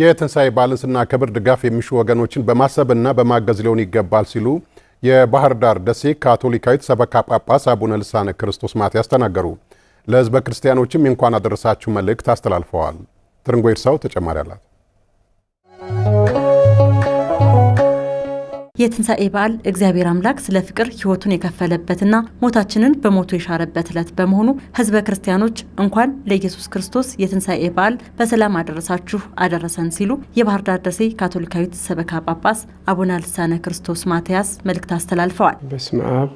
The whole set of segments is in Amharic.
የትንሣኤ በዓልን ስናከብር ድጋፍ የሚሹ ወገኖችን በማሰብና በማገዝ ሊሆን ይገባል ሲሉ የባህር ዳር ደሴ ካቶሊካዊት ሰበካ ጳጳስ አቡነ ልሳነ ክርስቶስ ማትያስ ተናገሩ። ለሕዝበ ክርስቲያኖችም እንኳን አደረሳችሁ መልእክት አስተላልፈዋል። ትርንጎ ይርሳው ተጨማሪ አላት። የትንሣኤ በዓል እግዚአብሔር አምላክ ስለ ፍቅር ሕይወቱን የከፈለበትና ሞታችንን በሞቱ የሻረበት ዕለት በመሆኑ ሕዝበ ክርስቲያኖች እንኳን ለኢየሱስ ክርስቶስ የትንሣኤ በዓል በሰላም አደረሳችሁ አደረሰን ሲሉ የባህር ዳር ደሴ ካቶሊካዊት ሰበካ ጳጳስ አቡነ ልሳነ ክርስቶስ ማትያስ መልእክት አስተላልፈዋል። በስመ አብ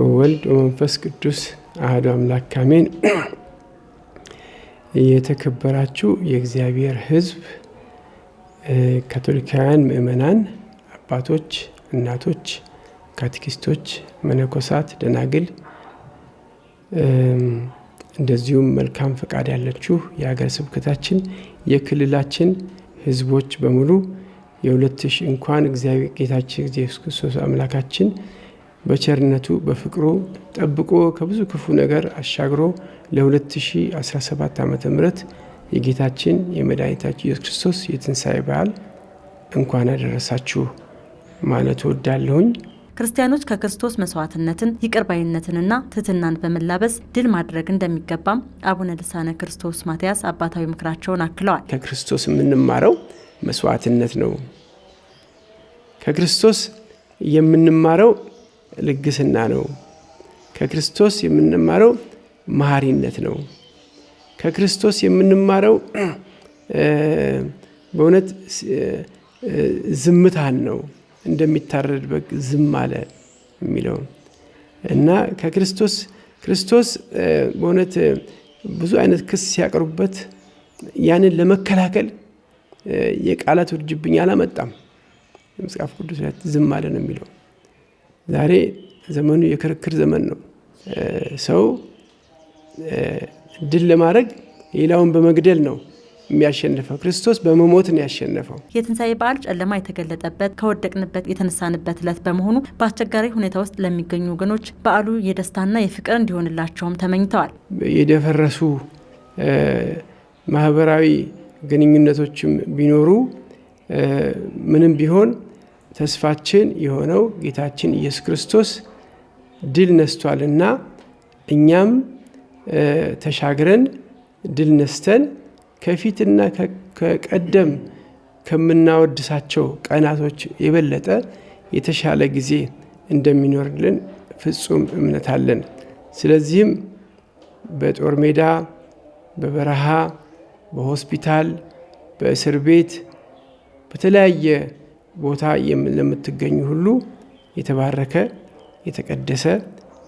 ወወልድ ወመንፈስ ቅዱስ አህዶ አምላክ አሜን። የተከበራችሁ የእግዚአብሔር ሕዝብ ካቶሊካውያን ምእመናን አባቶች፣ እናቶች፣ ካቴኪስቶች፣ መነኮሳት፣ ደናግል እንደዚሁም መልካም ፈቃድ ያለችሁ የሀገር ስብከታችን የክልላችን ህዝቦች በሙሉ የሁለት ሺህ እንኳን እግዚአብሔር ጌታችን ኢየሱስ ክርስቶስ አምላካችን በቸርነቱ በፍቅሩ ጠብቆ ከብዙ ክፉ ነገር አሻግሮ ለ2017 ዓ ም የጌታችን የመድኃኒታችን ኢየሱስ ክርስቶስ የትንሣኤ በዓል እንኳን አደረሳችሁ። ማለት እወዳለሁኝ። ክርስቲያኖች ከክርስቶስ መስዋዕትነትን ይቅርባይነትንና ትህትናን በመላበስ ድል ማድረግ እንደሚገባም አቡነ ልሳነ ክርስቶስ ማትያስ አባታዊ ምክራቸውን አክለዋል። ከክርስቶስ የምንማረው መስዋዕትነት ነው። ከክርስቶስ የምንማረው ልግስና ነው። ከክርስቶስ የምንማረው መሐሪነት ነው። ከክርስቶስ የምንማረው በእውነት ዝምታን ነው። እንደሚታረድ በግ ዝም አለ የሚለው እና ከክርስቶስ ክርስቶስ በእውነት ብዙ አይነት ክስ ሲያቀርቡበት ያንን ለመከላከል የቃላት ውርጅብኝ አላመጣም። መጽሐፍ ቅዱስ ላይ ዝም አለ ነው የሚለው። ዛሬ ዘመኑ የክርክር ዘመን ነው። ሰው ድል ለማድረግ ሌላውን በመግደል ነው የሚያሸንፈው ክርስቶስ በመሞት ነው ያሸነፈው። የትንሣኤ በዓል ጨለማ የተገለጠበት ከወደቅንበት የተነሳንበት ዕለት በመሆኑ በአስቸጋሪ ሁኔታ ውስጥ ለሚገኙ ወገኖች በዓሉ የደስታና የፍቅር እንዲሆንላቸውም ተመኝተዋል። የደፈረሱ ማህበራዊ ግንኙነቶችም ቢኖሩ ምንም ቢሆን ተስፋችን የሆነው ጌታችን ኢየሱስ ክርስቶስ ድል ነስቷልና እኛም ተሻግረን ድል ነስተን ከፊትና ከቀደም ከምናወድሳቸው ቀናቶች የበለጠ የተሻለ ጊዜ እንደሚኖርልን ፍጹም እምነት አለን። ስለዚህም በጦር ሜዳ፣ በበረሃ፣ በሆስፒታል፣ በእስር ቤት፣ በተለያየ ቦታ ለምትገኙ ሁሉ የተባረከ የተቀደሰ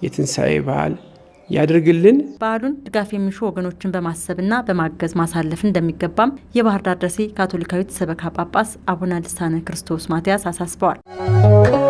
የትንሣኤ በዓል ያድርግልን። በዓሉን ድጋፍ የሚሹ ወገኖችን በማሰብና በማገዝ ማሳለፍ እንደሚገባም የባህር ዳር ደሴ ካቶሊካዊት ሰበካ ጳጳስ አቡነ ልሳነ ክርስቶስ ማትያስ አሳስበዋል።